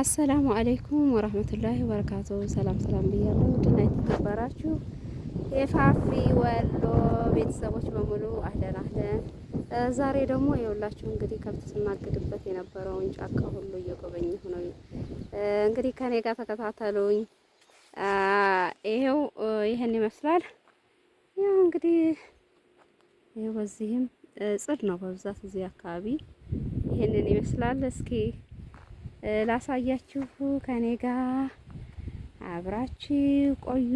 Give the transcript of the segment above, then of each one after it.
አሰላሙ አለይኩም ወራህመቱላሂ ወበረካቱ። ሰላም ሰላም ብያለሁ። ውድና የተከበራችሁ የፋፊ ወሎ ቤተሰቦች በሙሉ አህለን አህለን። ዛሬ ደግሞ የሁላችሁ እንግዲህ ከብት ስናግድበት የነበረውን ጫካ ሁሉ እየጎበኘሁ ነው። እንግዲህ ከኔ ጋር ተከታተሉኝ። ይሄው ይሄን ይመስላል። ያው እንግዲህ ይሄው በዚህም ጽድ ነው በብዛት እዚህ አካባቢ ይህንን ይመስላል። እስኪ ላሳያችሁ፣ ከኔ ጋር አብራችሁ ቆዩ።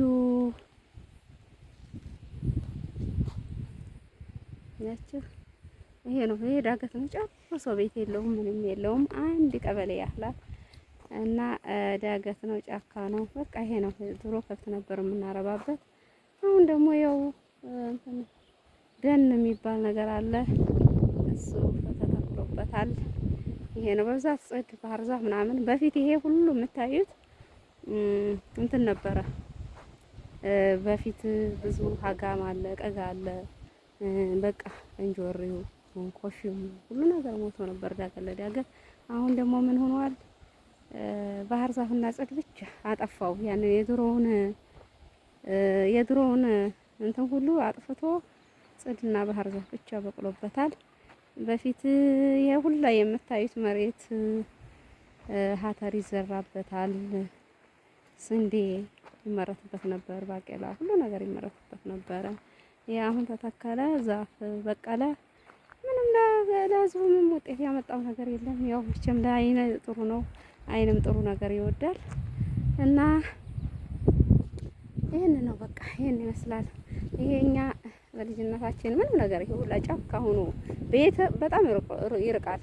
ያችሁ ይሄ ነው። ይሄ ዳገት ነው። ጨርሶ ቤት የለውም፣ ምንም የለውም። አንድ ቀበሌ ያህላል እና ዳገት ነው፣ ጫካ ነው። በቃ ይሄ ነው። ድሮ ከብት ነበር የምናረባበት። አሁን ደግሞ ያው ደን የሚባል ነገር አለ እሱ ይኖርበታል። ይሄ ነው በብዛት ጽድ ባህር ዛፍ ምናምን። በፊት ይሄ ሁሉ የምታዩት እንትን ነበረ። በፊት ብዙ ሀጋም አለ፣ ቀጋ አለ፣ በቃ እንጆሪው ኮፊው ሁሉ ነገር ሞቶ ነበር ዳገለ ዳገል። አሁን ደግሞ ምን ሆኗል? ባህር ዛፍና ጽድ ብቻ አጠፋው። ያን የድሮውን የድሮውን እንትን ሁሉ አጥፍቶ ጽድና ባህር ዛፍ ብቻ በቅሎበታል። በፊት የሁላ የምታዩት መሬት ሀተር ይዘራበታል፣ ስንዴ ይመረትበት ነበር፣ ባቄላ፣ ሁሉ ነገር ይመረትበት ነበረ። ያ አሁን ተተከለ፣ ዛፍ በቀለ። ምንም ለህዝቡ ምንም ውጤት ያመጣው ነገር የለም። ያው ብቻም ለአይን ጥሩ ነው፣ አይንም ጥሩ ነገር ይወዳል እና ይህን ነው በቃ ይህን ይመስላል። ይሄኛ በልጅነታችን ምንም ነገር ይሁላ ሁላ ጫካ ሆኖ ቤት በጣም ይርቃል።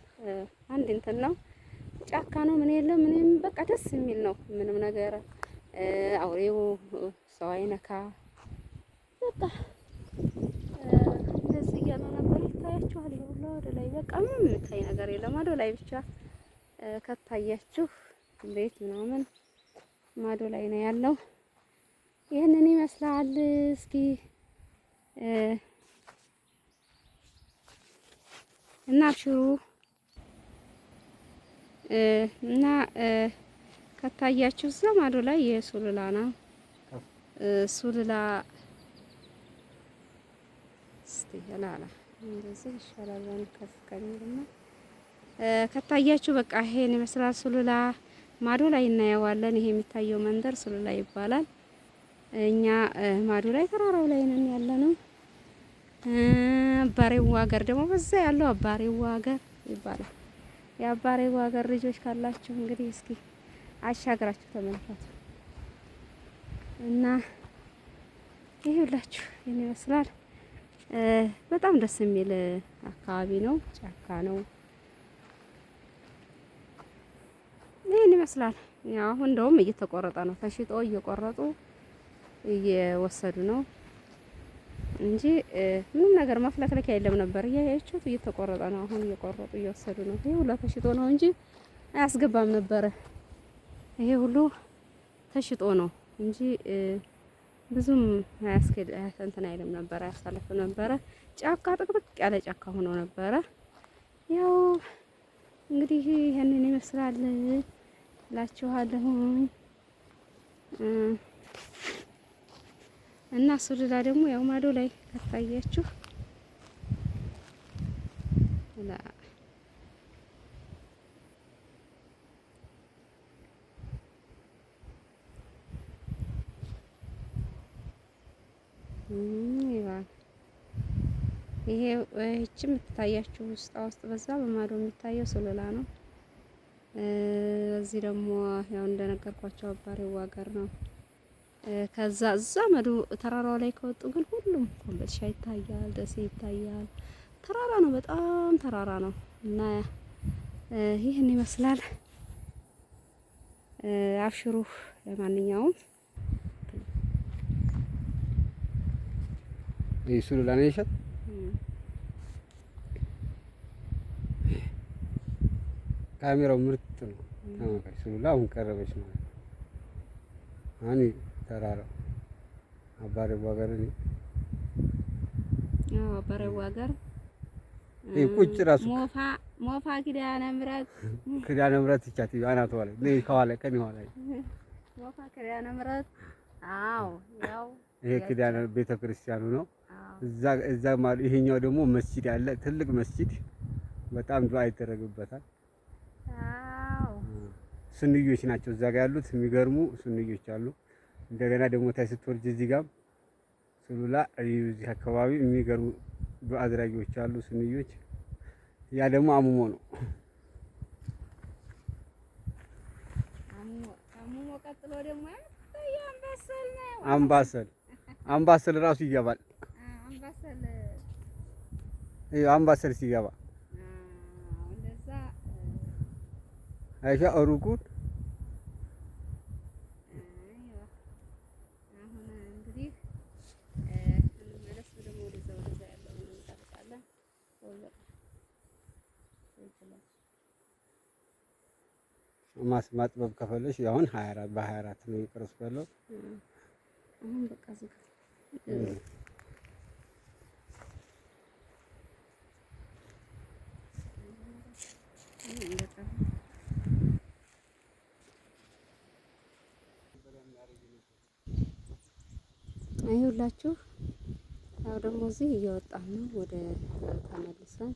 አንድ እንትን ነው ጫካ ነው ምን የለም ምንም በቃ ደስ የሚል ነው። ምንም ነገር አውሬው ሰው አይነካ በቃ እንደዚህ እያሉ ነበር። ይታያችኋል፣ ይሄ ወደ ላይ በቃ ምንም የሚታይ ነገር የለም። ማዶ ላይ ብቻ ከታያችሁ ቤት ምናምን ማዶ ላይ ነው ያለው። ይህንን ይመስላል እስኪ እና አብሽሩ እና ከታያችሁ እዛ ማዶ ላይ የሱልላ ነው። ሱልላ እስቲ ያላላ እንደዚህ ይሻላል። ከፍ ከሚልና ከታያችሁ በቃ ይሄን ይመስላል። ሱልላ ማዶ ላይ እናየዋለን። ይሄ የሚታየው መንደር ሱልላ ይባላል። እኛ ማዶ ላይ ተራራው ላይ ነን ያለ ነው። አባሬው ሀገር ደግሞ በዛ ያለው አባሬው ሀገር ይባላል። የአባሬው ሀገር ልጆች ካላችሁ እንግዲህ እስኪ አሻግራችሁ ተመልከቱ እና ይሄ ሁላችሁ ይመስላል። በጣም ደስ የሚል አካባቢ ነው። ጫካ ነው። ይሄን ይመስላል። አሁን እንደውም እየተቆረጠ ነው፣ ተሽጦ እየቆረጡ እየወሰዱ ነው እንጂ ምንም ነገር መፍለክለኪያ የለም ነበር። እያያችሁት እየተቆረጠ ነው። አሁን እየቆረጡ እየወሰዱ ነው። ይሄ ሁሉ ተሽጦ ነው እንጂ አያስገባም ነበረ። ይሄ ሁሉ ተሽጦ ነው እንጂ ብዙም አያስከድ እንትን አይልም ነበረ፣ አያሳልፍም ነበረ። ጫካ ጥቅጥቅ ያለ ጫካ ሆኖ ነበረ። ያው እንግዲህ ይሄንን ይመስላል እላችኋለሁ። እና ሱልላ ደግሞ ያው ማዶ ላይ ታያችሁ ይሄ እቺ የምትታያችሁ ውስጣ ውስጥ በዛ በማዶ የሚታየው ሱሉላ ነው። እዚህ ደግሞ ያው እንደነገርኳቸው አባሬው ዋገር ነው። ከዛ እዛ መዱ ተራራው ላይ ከወጡ ግን ሁሉም ኮምቦልቻ ይታያል፣ ደሴ ይታያል። ተራራ ነው፣ በጣም ተራራ ነው እና ይህን ይመስላል። አብሽሩ ለማንኛውም ይሱሉ ላነይሻት ካሜራው ምርጥ ነው። ተመቃሽ ሱሉላ አሁን ቀረበች ማለት ነው። ተራራ አባሬው ሀገር ነው። አዎ አባሬው ሀገር ቁጭ ራሱ ሞፋ ሞፋ ኪዳነ ምሕረት ኪዳነ ምሕረት ይቻት አናቷ ላይ ነይ ከኋላ ከኔ ኋላ ሞፋ ኪዳነ ምሕረት አዎ፣ ያው ይሄ ኪዳነ ቤተ ክርስቲያኑ ነው። እዛ እዛ ማለት ይሄኛው ደግሞ መስጂድ አለ፣ ትልቅ መስጂድ በጣም ዱዓ ይደረግበታል። አዎ፣ ስንዮች ናቸው እዛ ጋር ያሉት የሚገርሙ ስንዮች አሉ። እንደገና ደግሞ ታይ ስትወርጅ እዚህ ጋር ሱሉላ እዚህ አካባቢ የሚገርሙ ዱዓ አድራጊዎች አሉ፣ ስንዮች። ያ ደግሞ አሙሞ ነው። አምባሰል አምባሰል ራሱ ይገባል። አምባሰል ሲገባ አይሻ ሩቁን ማጥበብ ከፈለሽ አሁን ሀያ አራት በሀያ አራት ነው የቀረጽኩ ያለው። አሁን በቃ ያው ደግሞ እዚህ እየወጣን ነው ወደ ተመልሰን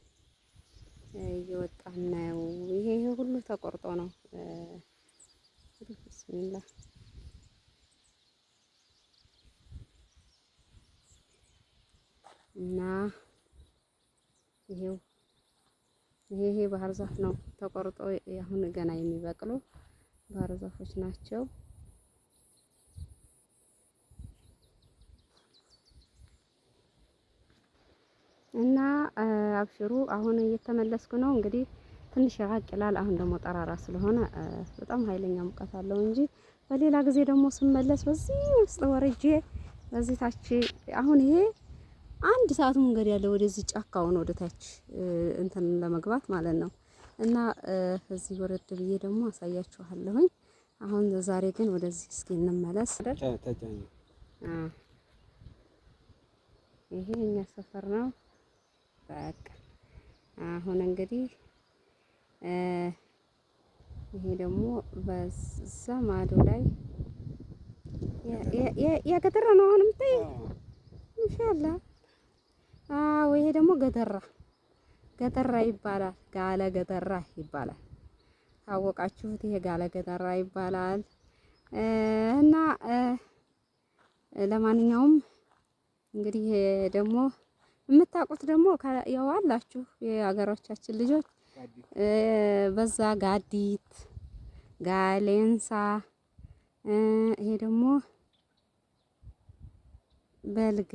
እየወጣ እናየው። ይሄ ይሄ ሁሉ ተቆርጦ ነው። ብስሚላ እና ይሄው ይሄ ባህር ዛፍ ነው ተቆርጦ አሁን ገና የሚበቅሉ ባህር ዛፎች ናቸው። እና አብሽሩ አሁን እየተመለስኩ ነው። እንግዲህ ትንሽ ራቅ ይላል። አሁን ደግሞ ጠራራ ስለሆነ በጣም ኃይለኛ ሙቀት አለው እንጂ በሌላ ጊዜ ደግሞ ስመለስ በዚህ ውስጥ ወርጄ በዚህ ታች አሁን ይሄ አንድ ሰዓት መንገድ ያለው ወደዚህ ጫካውን ወደ ታች እንትን ለመግባት ማለት ነው። እና እዚህ ወረድ ብዬ ደግሞ አሳያችኋለሁኝ። አሁን ዛሬ ግን ወደዚህ እስኪ እንመለስ። ይሄ እኛ ሰፈር ነው። በቃ አሁን እንግዲህ ይሄ ደግሞ በዛ ማዶ ላይ የገጠራ ነው። አሁን የምታይ ኢንሻአላህ። አዎ ይሄ ደግሞ ገጠራ ገጠራ ይባላል። ጋለ ገጠራ ይባላል። ታወቃችሁት? ይሄ ጋለ ገጠራ ይባላል። እና ለማንኛውም እንግዲህ ደግሞ የምታውቁት ደግሞ ያው አላችሁ የሀገሮቻችን ልጆች በዛ ጋዲት ጋሌንሳ፣ ይሄ ደግሞ በልግ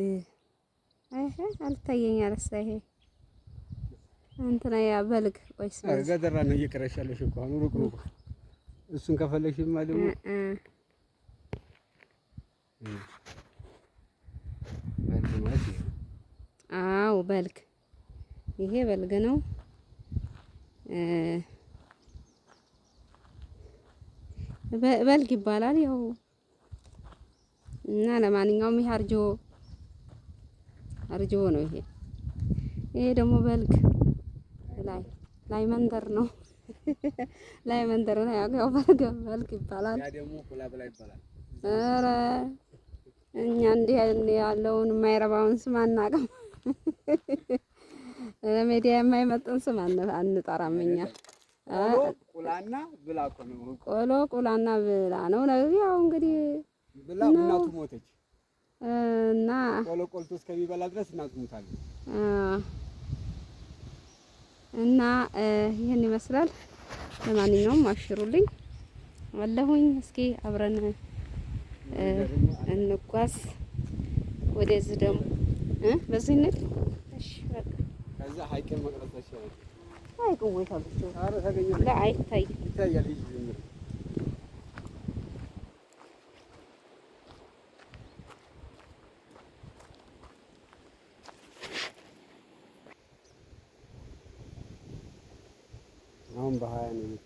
አይሄ አልታየኝ አለሳ ይሄ እንትና ያ በልግ ወይስ ገደራ ነው እየቀረሻለሽ እኮ አሁን ሩቅ ሩቅ እሱን ከፈለግሽማ ደግሞ በልግ ይሄ በልግ ነው። በልግ ይባላል ያው እና ለማንኛውም ይሄ አርጆ አርጆ ነው። ይሄ ይሄ ደግሞ በልግ ላይ ላይ መንደር ነው። ላይ መንደር ነው ያው በልግ በልግ ይባላል። ኧረ እኛ እንዲህ ያለውን የማይረባውን ስም አናውቅም። ለሚዲያ የማይመጥን ስም አንጠራም እኛ። ቆሎ ቁላና ብላ ነው ያው እንግዲህ ብላ እናቱ ሞተች እና ቆሎ ቆልቶ እስከሚበላ ድረስ እናቱ ሞታለች እና ይህን ይመስላል። ለማንኛውም አሽሩልኝ አለሁኝ። እስኪ አብረን እንጓዝ ወደዚህ ደግሞ በዚህ እንሂድ። እሺ በቃ ከዛ ሀይቅን መቅረጽ ይችላል። ሀይቅ ወይ ታብቹ አረ ታገኘ አይታይ ይታያል። አሁን በሀያ ነው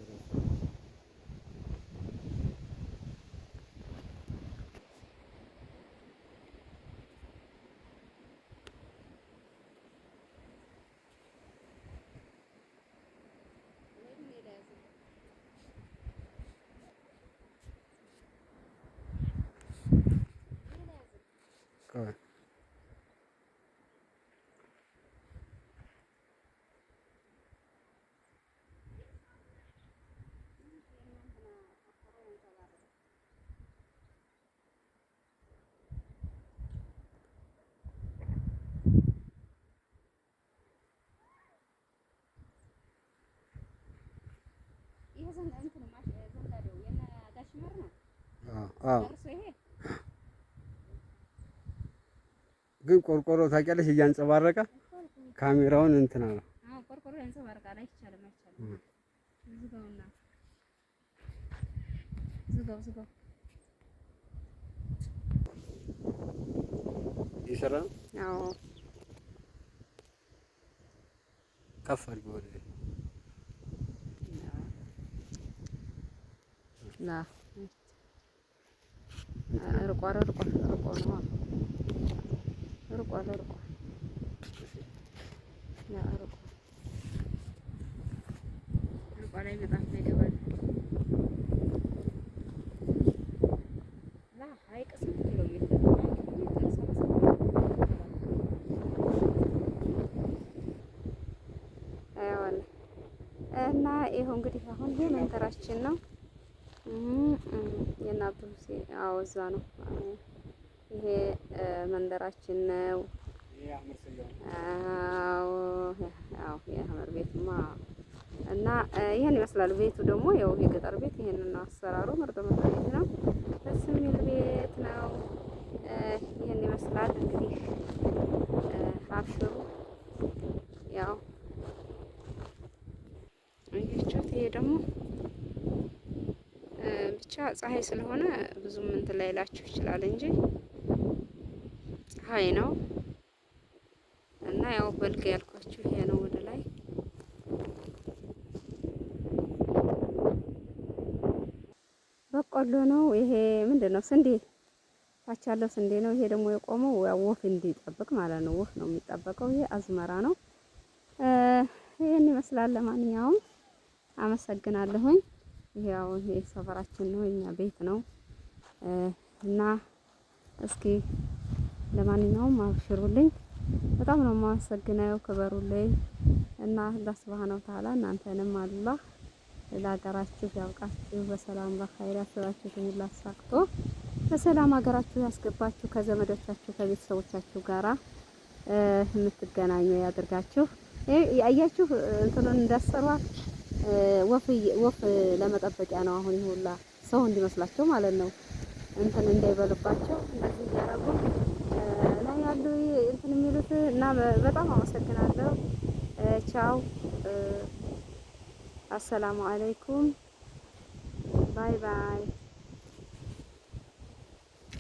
ግን ቆርቆሮ ታውቂያለሽ፣ እያንጸባረቀ ካሜራውን እንትና ነው። አዎ ቆርቆሮ ያንጸባርቃል። ዝጋው፣ ዝጋው። ነው። አዎ ና እርቋል እርቋል እርቋል እርቋል እርቋል ያ እርቋል እርቋል ሀይቅ ስንት ኪሎ ሜትር እና እንግዲህ አሁን ይሄ መንተራችን ነው። አዎ እዛ ነው። ይሄ መንደራችን ነው። አዎ የአህመድ ቤትማ እና ይሄን ይመስላል ቤቱ ደግሞ ያው የገጠር ቤት ይሄንን አሰራሩ ምርጥ ምርጥ ቤት ነው። ደስ የሚል ቤት ነው። ይሄን ይመስላል እንግዲህ አብሽሩ ፀሐይ ስለሆነ ብዙም እንትን ላይላችሁ ይችላል እንጂ ፀሐይ ነው እና ያው በልግ ያልኳችሁ ይሄ ነው ወደ ላይ በቆሎ ነው። ይሄ ምንድን ነው? ስንዴ ታች ያለው ስንዴ ነው። ይሄ ደግሞ የቆመው ያው ወፍ እንዲጠብቅ ማለት ነው። ወፍ ነው የሚጠበቀው። ይሄ አዝመራ ነው። ይሄን ይመስላል። ለማንኛውም አመሰግናለሁኝ። ያው የሰፈራችን ነው የኛ ቤት ነው እና እስኪ ለማንኛውም አብሽሩልኝ። በጣም ነው የማመሰግነው። ክበሩልኝ እና አላህ ሱብሃነሁ ወተዓላ እናንተንም አላህ ለሀገራችሁ ያውቃችሁ በሰላም በኸይር ያሰባችሁትን ሁሉ አሳክቶ በሰላም ሀገራችሁ ያስገባችሁ፣ ከዘመዶቻችሁ ከቤተሰቦቻችሁ ጋራ የምትገናኙ ያድርጋችሁ። አያችሁ እንትኑን እንዳሰሯት ወፍ ለመጠበቂያ ነው። አሁን ይሁላ ሰው እንዲመስላቸው ማለት ነው። እንትን እንዳይበልባቸው እንደዚህ እያደረጉ ላይ ያሉ እንትን የሚሉት እና በጣም አመሰግናለሁ። ቻው፣ አሰላሙ አለይኩም፣ ባይ ባይ።